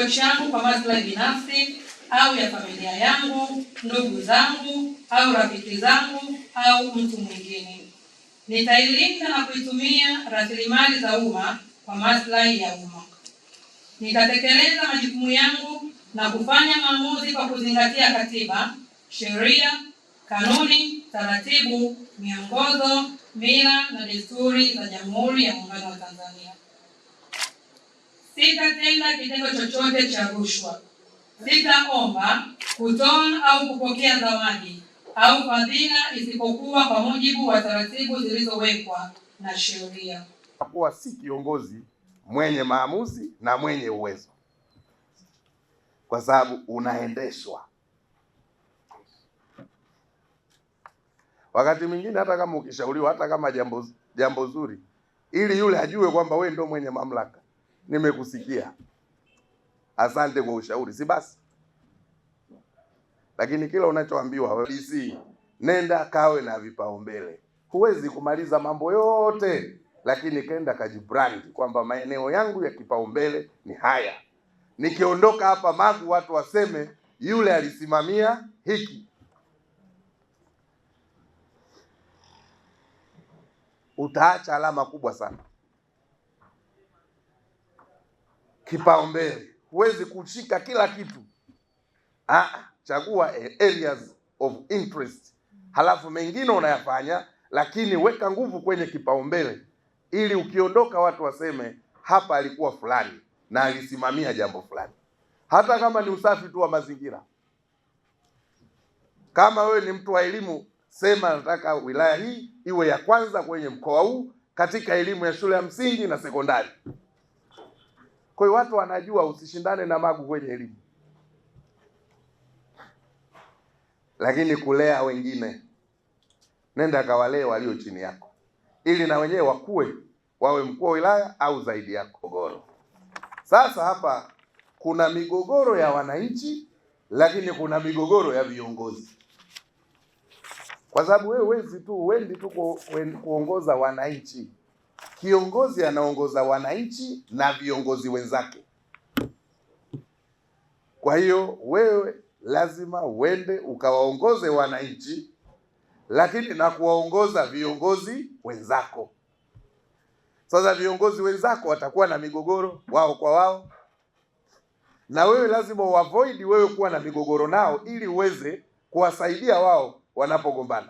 cheo changu kwa maslahi binafsi au ya familia yangu, ndugu zangu au rafiki zangu au mtu mwingine. Nitailinda na kuitumia rasilimali za umma kwa maslahi ya umma. Nitatekeleza majukumu yangu na kufanya maamuzi kwa kuzingatia katiba, sheria, kanuni, taratibu, miongozo, mila na desturi za Jamhuri ya Muungano wa Tanzania. Sitatenda kitendo chochote cha rushwa. Sitaomba, kutoa au kupokea zawadi au fadhila isipokuwa kwa mujibu wa taratibu zilizowekwa na sheria. Kuwa si kiongozi mwenye maamuzi na mwenye uwezo, kwa sababu unaendeshwa. Wakati mwingine hata kama ukishauriwa, hata kama jambo jambo zuri, ili yule ajue kwamba wewe ndio mwenye mamlaka nimekusikia, asante kwa ushauri, si basi. Lakini kila unachoambiwa DC, nenda kawe na vipaumbele. Huwezi kumaliza mambo yote, lakini kenda kajibrandi kwamba maeneo yangu ya kipaumbele ni haya. Nikiondoka hapa Magu, watu waseme yule alisimamia hiki. Utaacha alama kubwa sana. kipaumbele. Huwezi kushika kila kitu ah, chagua areas of interest, halafu mengine unayafanya, lakini weka nguvu kwenye kipaumbele, ili ukiondoka watu waseme hapa alikuwa fulani na alisimamia jambo fulani, hata kama ni usafi tu wa mazingira. Kama wewe ni mtu wa elimu, sema nataka wilaya hii iwe ya kwanza kwenye mkoa huu katika elimu ya shule ya msingi na sekondari. Kwa hiyo watu wanajua usishindane na Magu kwenye elimu, lakini kulea wengine, nenda kawalee walio chini yako, ili na wenyewe wakue, wawe mkuu wa wilaya au zaidi yako. kogoro sasa hapa, kuna migogoro ya wananchi, lakini kuna migogoro ya viongozi, kwa sababu wewe huwezi tu, wendi tu kuongoza wananchi Kiongozi anaongoza wananchi na viongozi wenzake. Kwa hiyo wewe lazima uende ukawaongoze wananchi, lakini na kuwaongoza viongozi wenzako. Sasa viongozi wenzako watakuwa na migogoro wao kwa wao, na wewe lazima uavoid wewe kuwa na migogoro nao, ili uweze kuwasaidia wao wanapogombana.